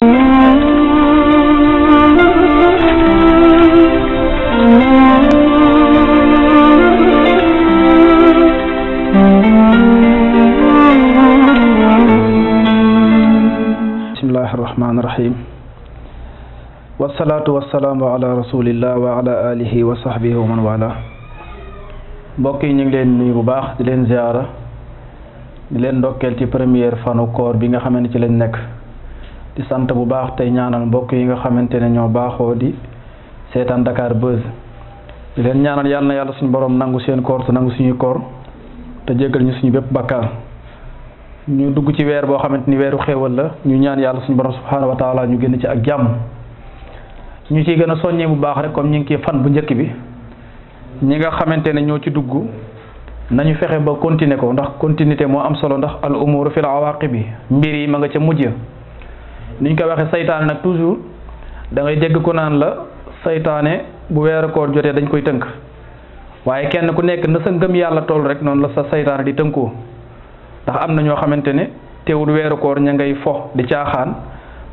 bismillahi rahmaani rahim wasalaatu wasalaamu ala yi ñu ngi leen nuyu bu baax di leen ziara di leen ndokkeel ci première fanu koor bi nga xam ne ci lañ nekk ci sant bu baax tey ñaanal mbokk yi nga xamante ne ñoo baaxoo di seetaan ndakaar Buzz di leen ñaanal yàlla na yàlla suñu borom nangu seen koor te nangu suñuy koor te jéggal ñu suñu bépp bakkaar ñu dugg ci weer boo xamante ni weeru xéewal la ñu ñaan yàlla suñu borom subhaanahu wa taala ñu génn ci ak jàmm ñu ci gën a soññee bu baax rek comme ñu ngi ciy fan bu njëkk bi ñi nga xamante ne ñoo ci dugg nañu fexe ba continuer ko ndax continuité moo am solo ndax al umuru fil bi mbir yi ma nga ca mujj niñ ko waxee saytaane nag toujours dangay dégg ko naan la saytaane bu weeru koor jotee dañ koy tënk waaye kenn ku nekk na sa ngëm yàlla tool rek noonu la sa saytaane di tënkoo ndax am na ñoo xamante ne teewul weeru koor ña ngay fo di caaxaan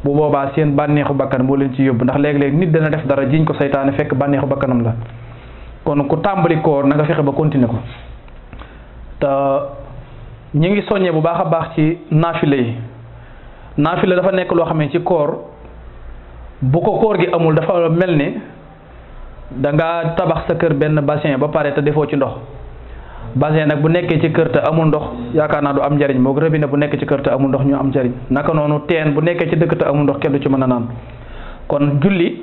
bu boobaa seen bànneexu bakkan moo leen ci yóbbu ndax léeg-léeg nit dana def dara jiñ ko saytaane fekk bànneexu bakkanam la kon ku tàmbali koor na nga fexe ba continuer ko te ñu ngi soññee bu baax a baax ci naafile yi naafila dafa nekk loo xam ne ci koor bu ko koor gi amul dafa mel ne danga tabax sa kër benn bassin ba pare te defoo ci ndox bassin nag bu nekkee ci kër te amul ndox yaakaar naa du am njariñ moo robinet bu nekk ci kër ndox ñu am njariñ naka noonu teen bu nekkee ci dëkk te amul ndox kenn ci mën a naan kon julli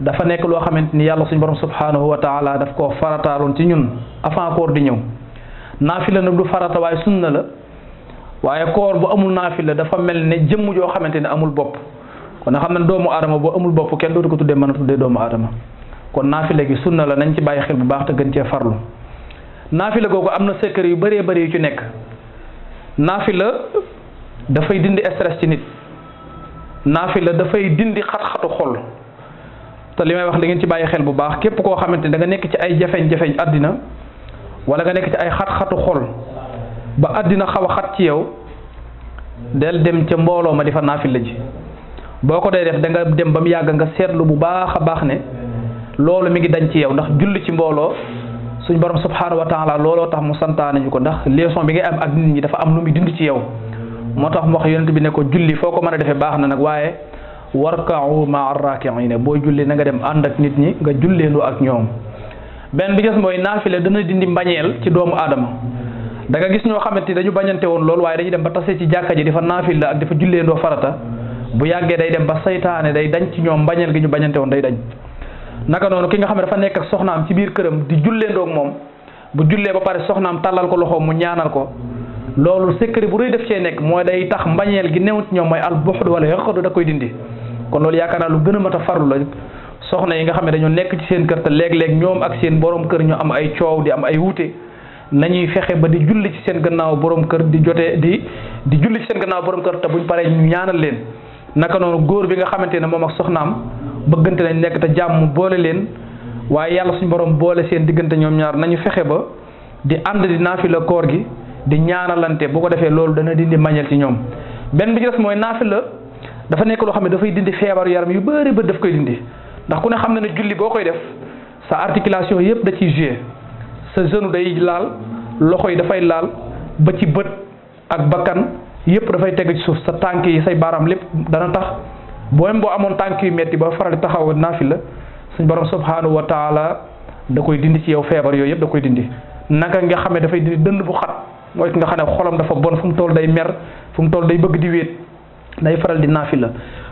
dafa nekk loo xamante ni yàlla suñu borom subhanahu wa taala daf koo farataaloon ci ñun avant koor di ñëw naafila nag du farata waaye sunna la waaye koor bu amul la dafa mel ne jëmm joo xamante ne amul bopp kon na xam ne doomu aadama boo amul bopp kenn dootu ko tuddee mën a tuddee doomu aadama kon naafila gi sunna la nañ ci bàyyi xel bu baax te gën cee farlu naafila googu am na secret yu bëree bëri yu ci nekk naafila dafay dindi stress ci nit naafila dafay dindi xat-xatu te li may wax da ngeen ci bàyyi xel bu baax képp koo xamante ne da nga nekk ci ay jafeñ-jafeñ àddina wala nga nekk ci ay xat-xatu xol ba àddina xaw a xat ci yow del dem ca mbooloo ma di fa naafila ji boo ko dee def da nga dem ba mu yàgg nga seetlu bu baax a baax ne loolu mi ngi dañ ci yow ndax julli ci mbooloo suñ borom subhaanahu wa taala looloo tax mu santaane ñu ko ndax leçon bi ngay am ak nit ñi dafa am lu muy dindi ci yow moo tax mu wax yonent bi ne ko julli foo ko mën a defee baax na nag waaye war ma warka'u ma'a ne boo julli na nga dem ànd ak nit ñi nga julleelu ak ñoom benn bi des mooy naafile dana dindi mbañeel ci doomu aadama danga gis ñoo xamante ni dañu bañante woon lool waaye dañuy dem ba tasee ci jàkka ji dafa naafil la ak dafa julleendoo farata bu yàggee day dem ba saytaane day dañ ci ñoom bañal gi ñu bañante woon day dañ naka noonu ki nga xam ne dafa nekk ak soxnaam ci biir këram di jullee ak moom bu jullee ba pare am tàllal ko loxoom mu ñaanal ko loolu secret bu rëy def cee nekk mooy day tax mbañeel gi newut ñoom mooy albuxd wala yaqadu da koy dindi kon loolu yaakaar naa lu gën a mat a farlu yi nga xam ne dañoo nekk ci seen kër te ñoom ak seen borom kër ñu am ay coow di am ay wuute nañuy fexe ba di julli ci seen gannaaw borom kër di jotee di di julli ci seen gannaaw borom kër te ñu paree ñu ñaanal leen naka noonu góor bi nga xamante ne moom ak soxnaam bëggante nañ nekk te jàmm boole leen waaye yàlla suñu borom boole seen diggante ñoom ñaar nañu fexe ba di ànd di naafila koor gi di ñaanalante boo ko defee loolu dana dindi mañeel ci ñoom benn bi ci des mooy naafila dafa nekk loo xam ne dafay dindi feebaru yaram yu bëri ba daf koy dindi ndax ku ne xam ne na julli boo koy def sa articulation yëpp da ciy sa genou day laal loxo yi dafay laal ba ci bët ak bakkan yépp dafay teg ci suuf sa tànk yi say baaraam lépp dana tax booyam boo amoon tànk yu metti ba faral di taxaw naafila suñ borom subhanahu wa taala da koy dindi ci yow feebar yooyu yëpp da koy dindi naka nga xamee dafay dindi dënd bu xat mooy ki nga xam ne xolam dafa bon fu mu toll day mer fu mu toll day bëgg di wéet day faral di naafila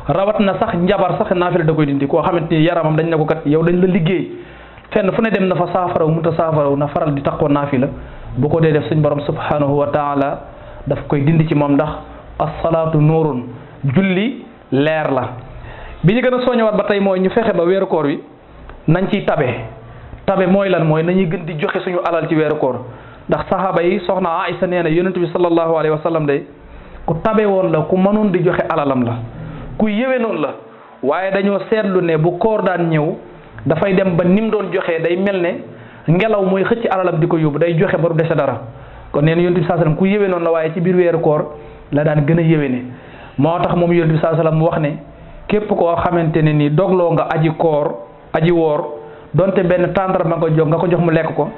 rawat na sax njabar sax naafila da koy dindi koo xamante ni yaramam dañ ne ko kat yow dañ la liggéey fenn fu ne dem na fa wu mu ta saafaraw na faral di fi la bu ko dee def suñ borom subhanahu wa taala daf koy dind ci moom ndax asalaatu nuurun julli leer la bi ñu gën a soññewaat ba tey mooy ñu fexe ba weeru koor wi nañ ciy tabe tabe mooy lan mooy nañuy gën di joxe suñu alal ci weeru koor ndax saxaaba yi soxna Aïsa nee na yonent bi sallallahu alayhi wa sallam ku tabe woon la ku mënoon di joxe alalam la ku yéwenoon la waaye dañoo seetlu ne bu koor daan ñëw dafay dem ba ni mu doon joxee day mel ne ngelaw mooy xëcc alalam di ko yóbbu day joxe ba du dese dara kon nee na yonent bi saa sallam ku yéwénoon la waaye ci biir weeru koor la daan gën a ne moo tax moom yonent bi saa sallam wax ne képp koo xamante ne ni dogloo nga aji koor aji woor donte benn tàndarma nga jox nga ko jox mu lekk ko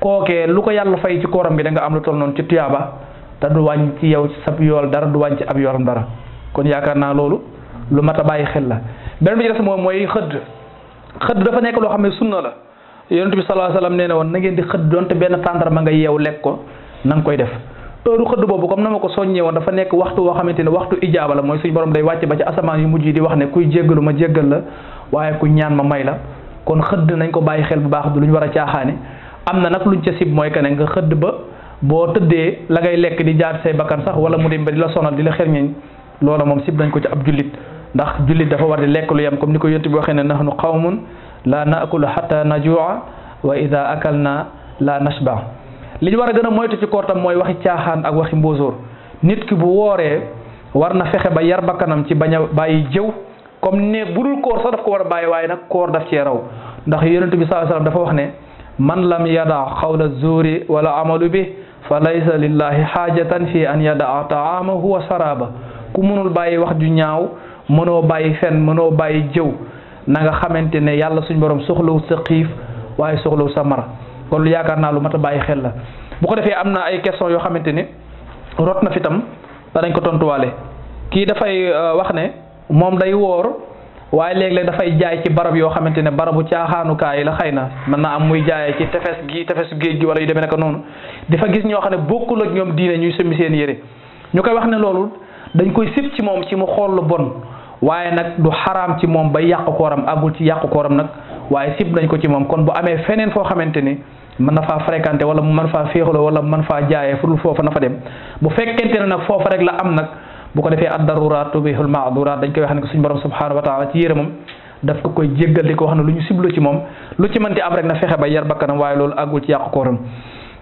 kookee lu ko yàlla fay ci kooram bi da nga am lu toll noonu ci tuyaaba te du wàññi ci yow sa yool dara du wàññi ci ab yoolam dara kon yaakaar naa loolu lu mat a bàyyi xel la xëdd dafa nekk loo xam ne sunna la yonent bi sallallahu alayhi nee na woon na ngeen di xëdd donte benn tàndarma nga yeew lekk ko na koy def tooru xëdd boobu comme na ma ko soññee woon dafa nekk waxtu woo xamante ne waxtu ijaaba la mooy suñu borom day wàcc ba ci asamaan yu mujj yi di wax ne kuy jéggalu ma jéggal la waaye ku ñaan ma may la kon xëdd nañ ko bàyyi xel bu baax du lu ñu war a caaxaane am na nag luñ ca sib mooy que ne nga xëdd ba boo tëddee la ngay lekk di jaar say bakkan sax wala mu dem ba la sonal di la xerñeñ loola moom sib nañ ko ci ab jullit ndax jullit dafa war di lekk lu yem comme ni ko yonent bi waxee ne nahnu qawmun la naakulu hatta najua wa ida akalna la nashba li ñu war a gën a moytu ci koor tam mooy waxi caaxaan ak waxi mbóosóor nit ki bu wooree war na fexe ba yar bakkanam ci bañ a bàyyi jëw comme ne bu dul koor sax daf ko war a bàyyi waaye nag koor daf cee raw ndax yonent bi sallallahu alayhi wasallam dafa wax ne man lam yada xawla zuuri wala amalu bi fa laysa lillahi xaajatan fi an yada taamahu wa saraba ku munul mënoo bàyyi fen mënoo bàyyi jëw na nga xamante ne yàlla suñ borom soxlawul sa xiif waaye soxlawul sa mar kon lu yaakaar naa lu mat bàyyi xel la bu ko defee am na ay question yoo xamante ne rot na fi tam danañ ko tontuwaale kii dafay euh, wax ne moom day woor waaye léeg-léeg dafay jaay ci barab yoo xamante ne barabu caaxaanukaay la xëy na mën naa am muy jaayee ci tefes gi tefesu géej gi walla yu demee naka noonu dafa gis ñoo xam ne bokkul ak ñoom diine ñuy sëmmi seen yére ñu koy wax ne loolu dañ koy sib moom ci mu xool lu bon waaye nag du xaraam ci moom ba yàq kooram àggul ci yàq kooram nag waaye sib nañ ko ci moom kon bu amee feneen foo xamante ni mën na faa fréquenté wala mu mën faa féexaloo wala mën faa jaayee fu dul foofa na fa dem bu fekkente ne nag foofa rek la am nag bu ko defee ad-daruraat tubihul ma'duraat dañ koy wax ne ko suñu borom subhanahu wa taala ci yërëmam daf ko koy jéggal di ko wax ne lu ñu siblu ci moom lu ci mënti am rek na fexe ba yar bakkanam waaye loolu àggul ci yàq kooram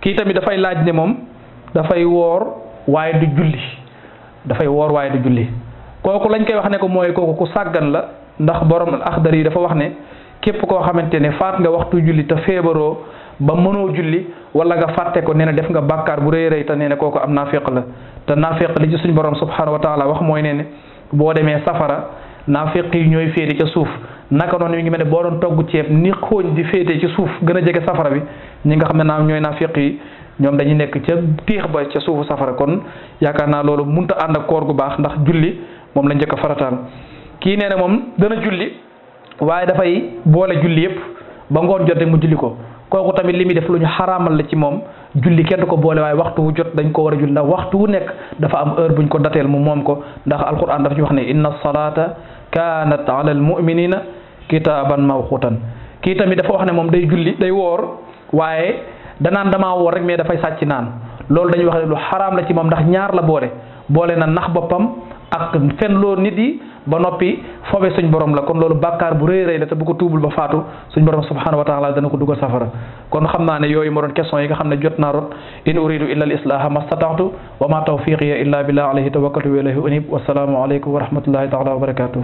kii tamit dafay laaj ne moom dafay woor waaye du julli dafay woor waaye du julli kooku lañ koy wax ne ko mooy kooku ku sàggan la ndax borom Axdari yi dafa wax ne képp koo xamante ne faat nga waxtu julli te feebaroo ba mënoo julli wala nga fàtte ko nee ne def nga bàkkaar bu rëy rëy te nee na kooku am naafiq la te naafiq li ci suñ borom subhanahu wa taala wax mooy nee boo demee safara naafiq yi ñooy féete ca suuf naka noonu mi ngi mel ne boo doon togg ceeb ni xooñ di féete ci suuf gën a jege safara bi ñi nga xam ne naa ñooy naafiq yi ñoom dañuy nekk ca téex ba ca suufu safara kon yaakaar naa loolu munta ànd ak koor gu baax ndax julli moom la njëkk a farataal kii nee na moom dana julli waaye dafay boole julli yëpp ba ngoon jot rek mu julli ko kooku tamit li muy def lu ñu xaraamal la ci moom julli kenn ko boole waaye waxtu wu jot dañ ko war a julli ndax waxtu wu nekk dafa am heure buñ ko dateel mu moom ko ndax alquran dafa ci wax ne inna salata kanat ala al muminina kitaaban mawqutan ki tamit dafa wax ne moom day julli day woor waaye danaan damaa woor rek mais dafay sàcc naan loolu dañuy wax ne lu xaraam la ci moom ndax ñaar la boole boole na nax boppam ak fenloo nit yi ba noppi fobe suñ borom la kon loolu bàkkaar bu rëy rëy la te bu tuubul ba faatu suñ borom subhanahu wa dana ko dugal safara kon xam naa ne yooyu ma question yi nga xam ne jot naa rot in uridu illa al islaha mastataxtu wa ma tawfiqiya illa billah alayhi tawakkaltu wa ilayhi unib wasalaamu aleykum wa rahmatullahi taala wa barakatuh